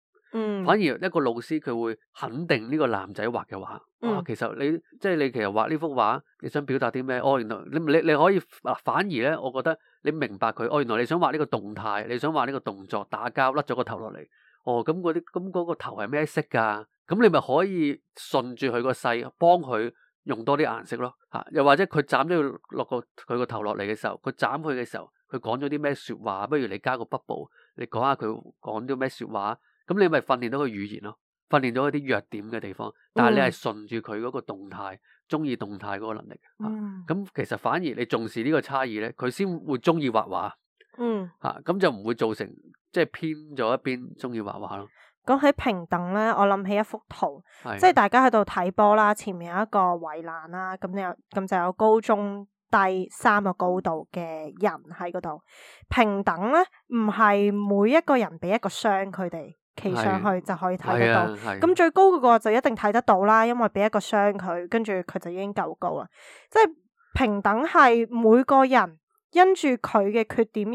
反而一個老師佢會肯定呢個男仔畫嘅畫，哇！其實你即係你其實畫呢幅畫，你想表達啲咩？哦，原來你你你可以嗱，反而咧，我覺得你明白佢哦，原來你想畫呢個動態，你想畫呢個動作打交甩咗個頭落嚟。哦，咁嗰啲咁嗰個頭係咩色㗎？咁、嗯、你咪可以順住佢個勢，幫佢用多啲顏色咯。嚇、啊！又或者佢斬咗落個佢個頭落嚟嘅時候，佢斬佢嘅時候，佢講咗啲咩説話？不如你加個 bubble，你講下佢講啲咩説話？咁你咪訓練到個語言咯，訓練咗一啲弱點嘅地方，但係你係順住佢嗰個動態，中意、嗯、動態嗰個能力。咁、嗯啊、其實反而你重視呢個差異咧，佢先會中意畫畫。吓咁、嗯啊、就唔會造成即係、就是、偏咗一邊中意畫畫咯。講、嗯、起平等咧，我諗起一幅圖，的即係大家喺度睇波啦，前面有一個圍欄啦，咁有咁就有高中低三個高度嘅人喺嗰度。平等咧，唔係每一個人俾一個箱佢哋。企上去就可以睇得到，咁最高嗰個就一定睇得到啦，因為俾一個箱佢，跟住佢就已經夠高啦。即係平等係每個人因住佢嘅缺點而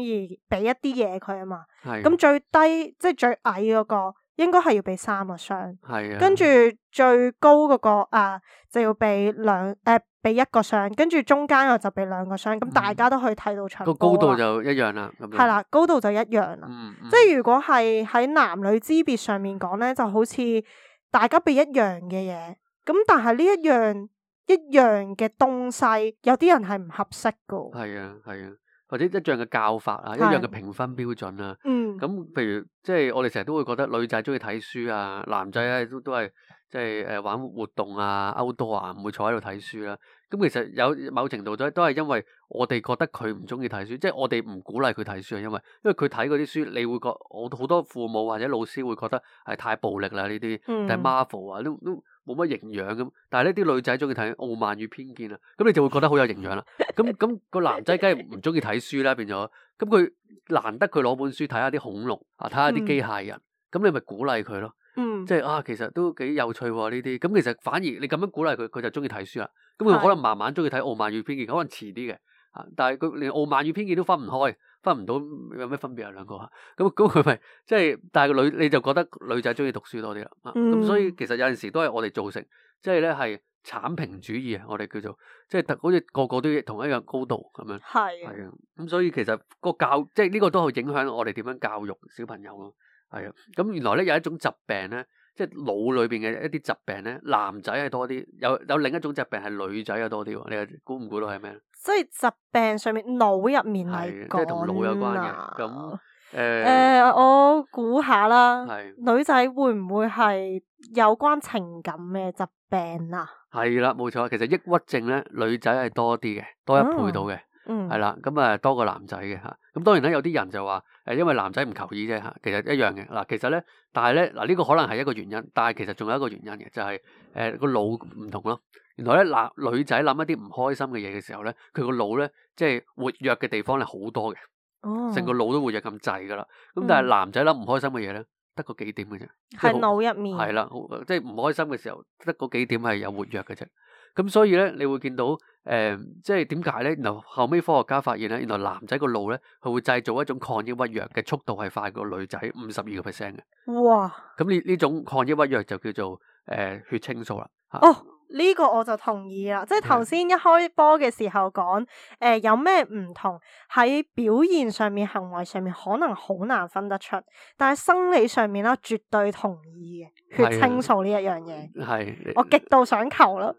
俾一啲嘢佢啊嘛。咁的最低的即係最矮嗰個。.應該係要俾三個箱，係啊，跟住最高嗰個啊就要俾兩誒，俾一個箱，跟住中間我就俾兩個箱，咁大家都可以睇到出個高度就一樣啦。咁係啦，高度就一樣啦。即係如果係喺男女之別上面講咧，就好似大家俾一樣嘅嘢，咁但係呢一樣一樣嘅東西，有啲人係唔合適噶。係啊，係啊。或者一樣嘅教法啊，是一樣嘅評分標準啊，咁、嗯、譬如即係、就是、我哋成日都會覺得女仔鍾意睇書啊，男仔咧都都係即係誒玩活動啊，outdoor 啊，唔會坐喺度睇書啦。咁其實有某程度都都係因為我哋覺得佢唔鍾意睇書，即、就、係、是、我哋唔鼓勵佢睇書啊，因為因為佢睇嗰啲書，你會覺得好多父母或者老師會覺得係太暴力啦呢啲，但係、嗯、Marvel 啊都都。都冇乜營養咁，但係呢啲女仔中意睇《傲慢與偏見》啊，咁你就會覺得好有營養啦。咁咁、 個男仔梗係唔中意睇書啦，變咗。咁佢難得佢攞本書睇下啲恐龍啊，睇下啲機械人，咁、嗯、你咪鼓勵佢咯。嗯即，即係啊，其實都幾有趣喎呢啲。咁其實反而你咁樣鼓勵佢，佢就中意睇書啦。咁佢可能慢慢中意睇《傲慢與偏見》，可能遲啲嘅。啊，但係佢連《傲慢與偏見》都分唔開。分唔到有咩分別啊兩個啊，咁咁佢咪即係，但係個女你就覺得女仔中意讀書多啲啦，咁、嗯、所以其實有陣時都係我哋造成，即係咧係產平主義啊，我哋叫做即係、就是、好似個個都同一個高度咁樣，係啊，咁是所以其實個教即係呢個都係影響我哋點樣教育小朋友咯，係啊，咁原來咧有一種疾病咧。.即係腦裏邊嘅一啲疾病咧，男仔係多啲，有有另一種疾病係女仔啊多啲，你估唔估到係咩？所以疾病上面腦入面嚟講，即係同腦有關嘅。咁誒、啊欸欸，我估下啦，的女仔會唔會係有關情感嘅疾病啊？係啦，冇錯，其實抑鬱症咧，女仔係多啲嘅，多一倍到嘅，係啦、嗯，咁、嗯、啊多過男仔嘅吓。咁當然咧，有啲人就話誒，因為男仔唔求醫啫嚇，其實一樣嘅。嗱，其實咧，但係咧，嗱、這、呢個可能係一個原因，但係其實仲有一個原因嘅，就係誒個腦唔同咯。原來咧，男、呃、女仔諗一啲唔開心嘅嘢嘅時候咧，佢個腦咧即係活躍嘅地方係好多嘅，成、嗯、個腦都活躍咁滯噶啦。咁但係男仔諗唔開心嘅嘢咧，得嗰幾點嘅啫，係、嗯、腦入面。係啦，即係唔開心嘅時候，得嗰幾點係有活躍嘅啫。咁所以咧，你會見到誒、呃，即係點解咧？嗱，後尾科學家發現咧，原來男仔個腦咧，佢會製造一種抗抑鬱藥嘅速度係快過女仔五十二個 percent 嘅。哇！咁呢呢種抗抑鬱藥就叫做誒、呃、血清素啦。哦，呢、這個我就同意啦。即係頭先一開波嘅時候講，誒的、呃、有咩唔同喺表現上面、行為上面可能好難分得出，但係生理上面啦，絕對同意嘅血清素呢一樣嘢。係的。的我極度想求啦。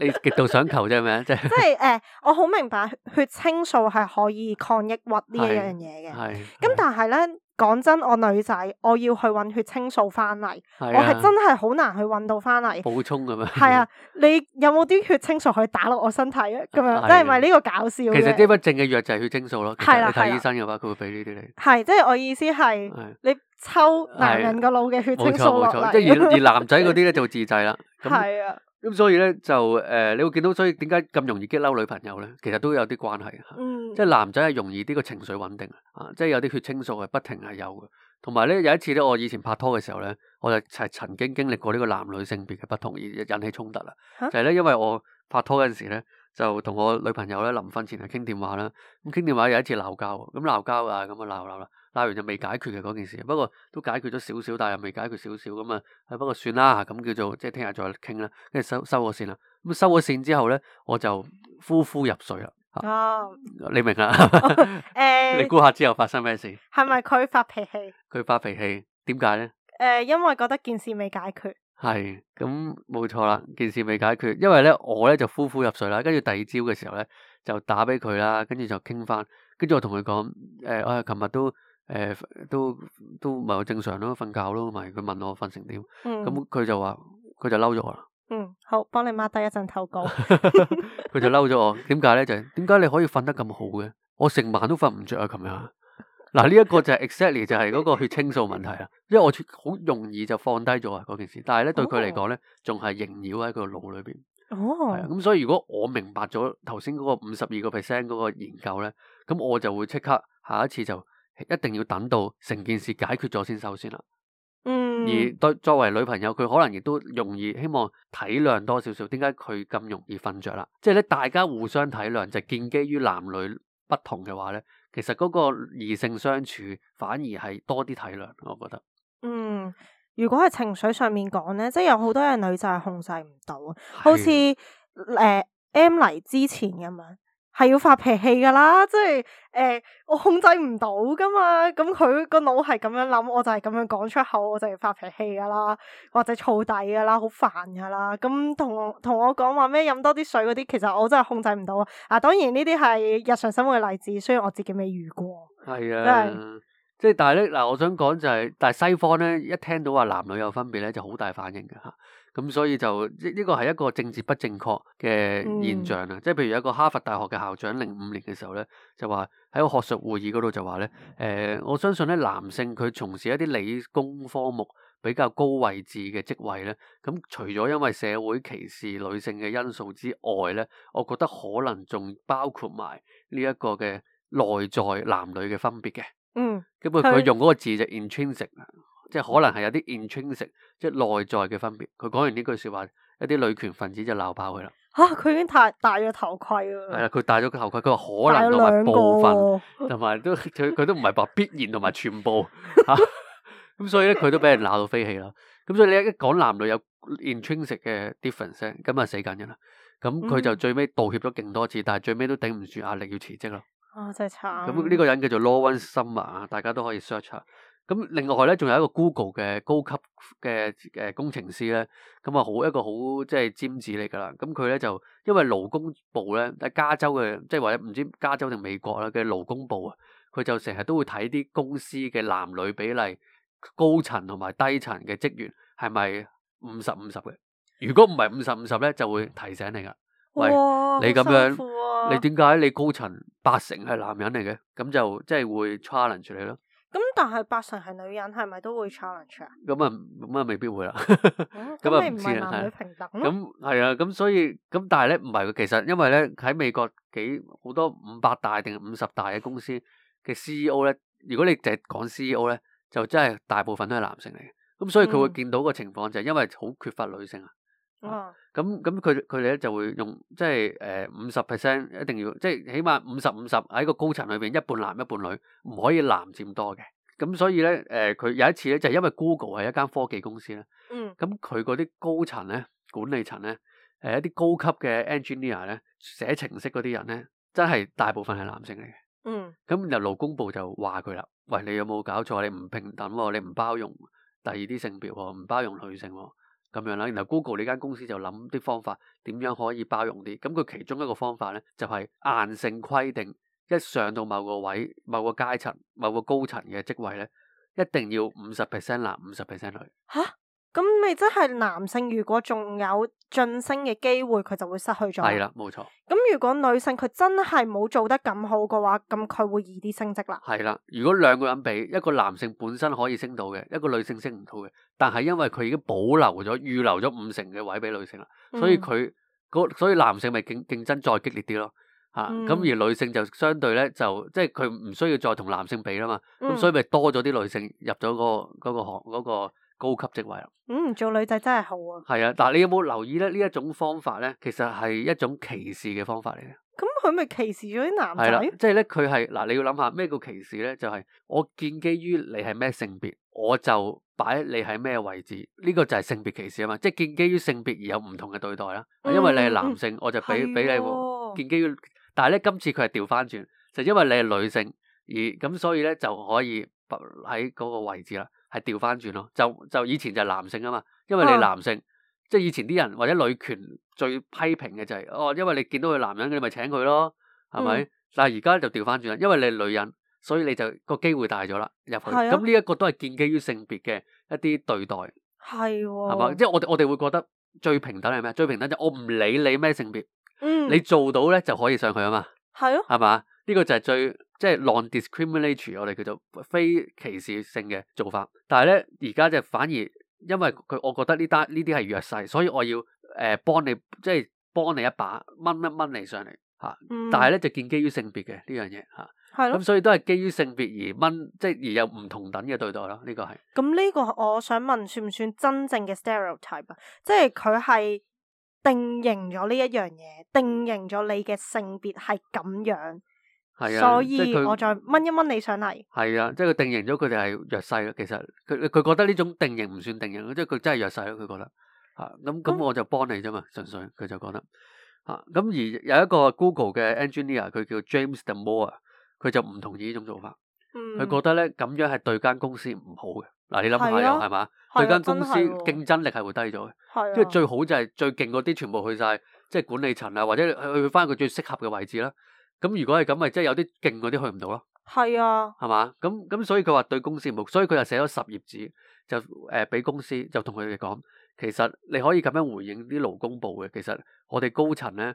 你極度想求啫，係咪？即係，誒，我好明白血清素係可以抗抑鬱呢一樣嘢嘅。係。咁但係咧，講真，我女仔，我要去搵血清素翻嚟，我係真係好難去搵到翻嚟。補充咁樣。係啊，你有冇啲血清素去打落我身體啊？咁樣，即係咪呢個搞笑？其實抑鬱症嘅藥就係血清素咯。係啦，睇醫生嘅話，佢會俾呢啲你。係，即係我意思係，你抽男人個腦嘅血清素，即係而而男仔嗰啲咧就自製啦。係啊。咁、嗯、所以咧，就誒、呃，你會見到，所以點解咁容易激嬲女朋友咧？其實都有啲關係，嗯、即係男仔係容易呢個情緒穩定啊，即係有啲血清素係不停係有嘅。同埋咧，有一次咧，我以前拍拖嘅時候咧，我就係曾經經歷過呢個男女性別嘅不同而引起衝突啦。啊、就係咧，因為我拍拖嗰陣時咧，就同我女朋友咧臨瞓前係傾電話啦。咁傾電話有一次鬧交，咁鬧交啊，咁啊鬧鬧啦。拉完就未解決嘅嗰件事，不過都解決咗少少，但係又未解決少少咁啊，不過算啦，咁叫做即係聽日再傾啦，跟住收收咗線啦。咁收咗線之後咧，我就呼呼入睡啦。哦，你明啦，誒、哦，呃、 你估下之後發生咩事？係咪佢發脾氣？佢發脾氣，點解咧？誒、呃，因為覺得件事未解決。係，咁冇錯啦，件事未解決，因為咧我咧就呼呼入睡啦，跟住第二朝嘅時候咧就打俾佢啦，跟住就傾翻，跟住我同佢講，誒、哎，我係琴日都。哎哎哎哎哎哎哎誒，都都唔係好正常咯，瞓覺咯，咪佢問我瞓成點？咁佢就話佢就嬲咗我。嗯，好，幫你抹低一陣頭角。佢就嬲咗我，點解咧？就點解你可以瞓得咁好嘅？我成晚都瞓唔着啊！咁樣嗱，呢一個就係 exactly 就係嗰個血清素問題啊！因為我好容易就放低咗嗰件事，但係咧對佢嚟講咧，仲係縈繞喺佢腦裏邊。哦，係啊，咁所以如果我明白咗頭先嗰個五十二個 percent 嗰個研究咧，咁我就會即刻下一次就。一定要等到成件事解決咗先收先啦。嗯，而對作為女朋友，佢可能亦都容易希望體諒多少少。點解佢咁容易瞓着啦？即係咧，大家互相體諒，就建基於男女不同嘅話咧，其實嗰個異性相處反而係多啲體諒，我覺得。嗯，如果係情緒上面講咧，即係有好多嘢女仔係控制唔到，的好似誒、呃、M 嚟之前咁樣。係要發脾氣噶啦，即係誒、欸，我控制唔到噶嘛。咁佢個腦係咁樣諗，我就係咁樣講出口，我就要發脾氣噶啦，或者燥底噶啦，好煩噶啦。咁同同我講話咩飲多啲水嗰啲，其實我真係控制唔到。啊。當然呢啲係日常生活嘅例子，雖然我自己未遇過。係啊，即係以但係咧嗱，我想講就係、是，但係西方咧一聽到話男女有分別咧，就好大反應噶吓。咁所以就呢呢、這個係一個政治不正確嘅現象啦，嗯、即係譬如一個哈佛大學嘅校長零五年嘅時候咧，就話喺個學術會議嗰度就話咧，誒、呃，我相信咧男性佢從事一啲理工科目比較高位置嘅職位咧，咁除咗因為社會歧視女性嘅因素之外咧，我覺得可能仲包括埋呢一個嘅內在男女嘅分別嘅。嗯，咁佢佢用嗰個字就 intrinsic 即係可能係有啲 intrinsic 即係內在嘅分別。佢講完呢句說話，一啲女權分子就鬧爆佢啦。吓、啊，佢已經戴戴咗頭盔啊！係啊，佢戴咗個頭盔。佢話可能同埋部分，同埋都佢佢都唔係話必然同埋全部吓。咁、啊、 所以咧，佢都俾人鬧到飛起啦。咁所以你一講男女有 intrinsic 嘅 difference，咁啊死緊嘅啦。咁佢就最尾道歉咗勁多次，但係最尾都頂唔住壓力要辭職咯。哦、啊，真係慘！咁呢個人叫做 Lawrence Summers，大家都可以 search 下。咁另外咧，仲有一個 Google 嘅高級嘅誒工程師咧，咁啊好一個好即係尖子嚟噶啦。咁佢咧就因為勞工部咧喺加州嘅，即係或者唔知加州定美國啦嘅勞工部啊，佢就成日都會睇啲公司嘅男女比例、高層同埋低層嘅職員係咪五十五十嘅？如果唔係五十五十咧，就會提醒你噶。哇！你咁樣，好辛苦啊！你點解你高層八成係男人嚟嘅？咁就即係會 challenge 你咯。咁但係八成係女人，係咪都會 challenge 啊？咁啊，咁啊，未必會啦。咁你唔係男女平等咯？咁係啊，咁所以咁但係咧唔係，其實因為咧喺美國幾好多五百大定五十大嘅公司嘅 CEO 咧，如果你淨係講 CEO 咧，就真係大部分都係男性嚟嘅。咁所以佢會見到個情況就係因為好缺乏女性啊。嗯。哦，咁咁佢佢哋咧就會用即係誒五十 percent 一定要即係、就是、起碼五十五十喺個高層裏邊，一半男一半女，唔可以男佔多嘅，咁所以咧誒佢有一次咧就因為 Google 係一間科技公司咧，嗯，咁佢嗰啲高層咧管理層咧誒一啲高級嘅 engineer 咧寫程式嗰啲人咧真係大部分係男性嚟嘅，嗯，咁然後勞工部就話佢啦，喂，你有冇搞錯？你唔平等、哦、你唔包容第二啲性別喎，唔包容女性喎、哦。咁樣啦，然後 Google 呢間公司就諗啲方法，點樣可以包容啲？咁佢其中一個方法咧，就係、是、硬性規定，一上到某個位、某個階層、某個高層嘅職位咧，一定要五十 percent 男，五十 percent 女。嚇！咁咪真係男性，如果仲有晉升嘅機會，佢就會失去咗。係啦，冇錯。咁如果女性佢真係冇做得咁好嘅話，咁佢會易啲升職啦。係啦，如果兩個人比，一個男性本身可以升到嘅，一個女性升唔到嘅，但係因為佢已經保留咗、預留咗五成嘅位俾女性啦，嗯、所以佢所以男性咪競競爭再激烈啲咯。吓、嗯，咁而女性就相對咧就即係佢唔需要再同男性比啦嘛。咁、嗯、所以咪多咗啲女性入咗嗰嗰個行個。嗰個嗰個嗰個高級職位啦，嗯，做女仔真係好啊，係啊，但係你有冇留意咧？呢一種方法咧，其實係一種歧視嘅方法嚟嘅。咁佢咪歧視咗啲男仔？即係咧，佢係嗱，你要諗下咩叫歧視咧？就係我建基於你係咩性別，我就擺你喺咩位置。呢個就係性別歧視啊嘛，即係建基於性別而有唔同嘅對待啦。因為你係男性，我就俾俾你建基於，但係咧，今次佢係調翻轉，就因為你係女性而咁，所以咧就可以擺喺嗰個位置啦。係調翻轉咯，就就以前就係男性啊嘛，因為你男性，是啊、即係以前啲人或者女權最批評嘅就係、是、哦，因為你見到佢男人，你咪請佢咯，係咪？嗯、但係而家就調翻轉啦，因為你係女人，所以你就個機會大咗啦入去。咁呢一個都係建基於性別嘅一啲對待。係喎，係嘛？即係我我哋會覺得最平等係咩？最平等就我唔理你咩性別，嗯，你做到咧就可以上去啊嘛。係咯是、啊，係嘛？呢個就係最。即係 non-discriminatory，我哋叫做非歧視性嘅做法。但係咧，而家就反而因為佢，我覺得呢單呢啲係弱勢，所以我要誒、呃、幫你，即係幫你一把，掹一掹你上嚟嚇、啊。但係咧，就建基於性別嘅呢樣嘢嚇。咁、啊的嗯、所以都係基於性別而掹，即係而有唔同等嘅對待咯。呢、呢個係咁呢個，我想問，算唔算真正嘅 stereotype 啊？即係佢係定型咗呢一樣嘢，定型咗你嘅性別係咁樣。係啊，所以他我再掹一掹你上嚟。係啊，即係佢定型咗，佢哋係弱勢咯。其實佢佢覺得呢種定型唔算定型，即係佢真係弱勢咯。佢覺得，吓咁咁我就幫你啫嘛，純、嗯、粹佢就覺得，吓、啊、咁而有一個 Google 嘅 engineer，佢叫 James Damore，佢就唔同意呢種做法。佢、嗯、覺得咧咁樣係對間公司唔好嘅。嗱、嗯啊，你諗下又係嘛的的？對間公司競爭力係會低咗嘅。係，即係最好就係最勁嗰啲全部去晒，即係管理層啊，或者去去翻佢最適合嘅位置啦。咁如果係咁，咪即係有啲勁嗰啲去唔到咯。係啊，係嘛？咁咁，所以佢話對公司冇，所以佢就寫咗十頁紙，就誒俾、呃、公司，就同佢哋講，其實你可以咁樣回應啲勞工部嘅。其實我哋高層咧，誒、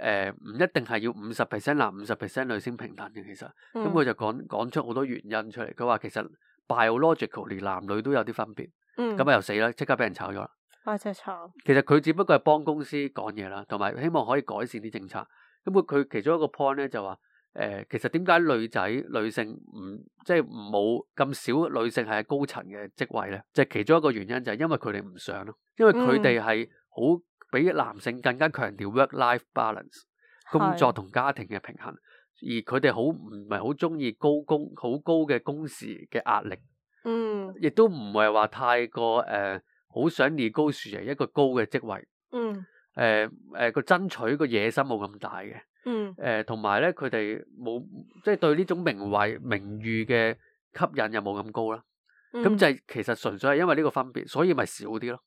呃、唔一定係要五十 percent 男，五十 percent 女先平等嘅。其實，咁佢、嗯、就講講出好多原因出嚟。佢話其實 biological 連男女都有啲分別。嗯，咁啊又死啦，即刻俾人炒咗啦。係只炒。其實佢只不過係幫公司講嘢啦，同埋希望可以改善啲政策。咁佢佢其中一個 point 咧就話、是，誒、呃、其實點解女仔女性唔即係冇咁少女性係高層嘅職位咧？即、就、係、是、其中一個原因就係因為佢哋唔想咯，因為佢哋係好比男性更加強調 work-life balance 工作同家庭嘅平衡，是而佢哋好唔係好中意高工好高嘅工時嘅壓力，嗯，亦都唔係話太過誒好、呃、想嚟高樹嘅一個高嘅職位，嗯。誒誒，個爭取個野心冇咁大嘅，嗯，誒，同埋咧，佢哋冇即係對呢種名位名譽嘅吸引又冇咁高啦，咁就係其實純粹係因為呢個分別，所以咪少啲咯。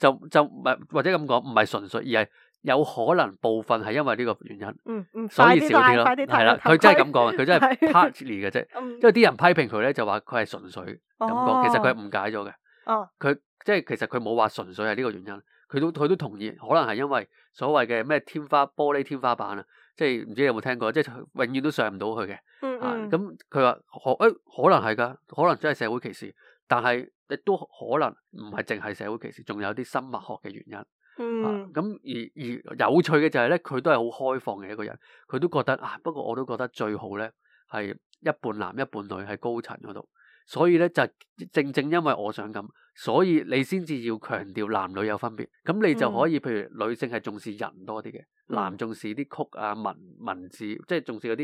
就就唔係或者咁講，唔係純粹，而係有可能部分係因為呢個原因。嗯嗯，所以少啲咯，係啦，佢真係咁講，佢真係 partly 嘅啫。嗯，因為啲人批評佢咧，就話佢係純粹咁講，其實佢係誤解咗嘅。哦，佢即係其實佢冇話純粹係呢個原因。佢都佢都同意，可能係因為所謂嘅咩天花玻璃天花板啊，即係唔知你有冇聽過，即係永遠都上唔到去嘅。嗯。咁佢話可誒、欸、可能係噶，可能真係社會歧視，但係亦都可能唔係淨係社會歧視，仲有啲生物學嘅原因。嗯、啊。咁而而有趣嘅就係咧，佢都係好開放嘅一個人，佢都覺得啊，不過我都覺得最好咧係一半男一半女喺高層嗰度，所以咧就正正因為我想咁。所以你先至要強調男女有分別，咁你就可以、嗯、譬如女性係重視人多啲嘅，男重視啲曲啊文文字，即係重視嗰啲。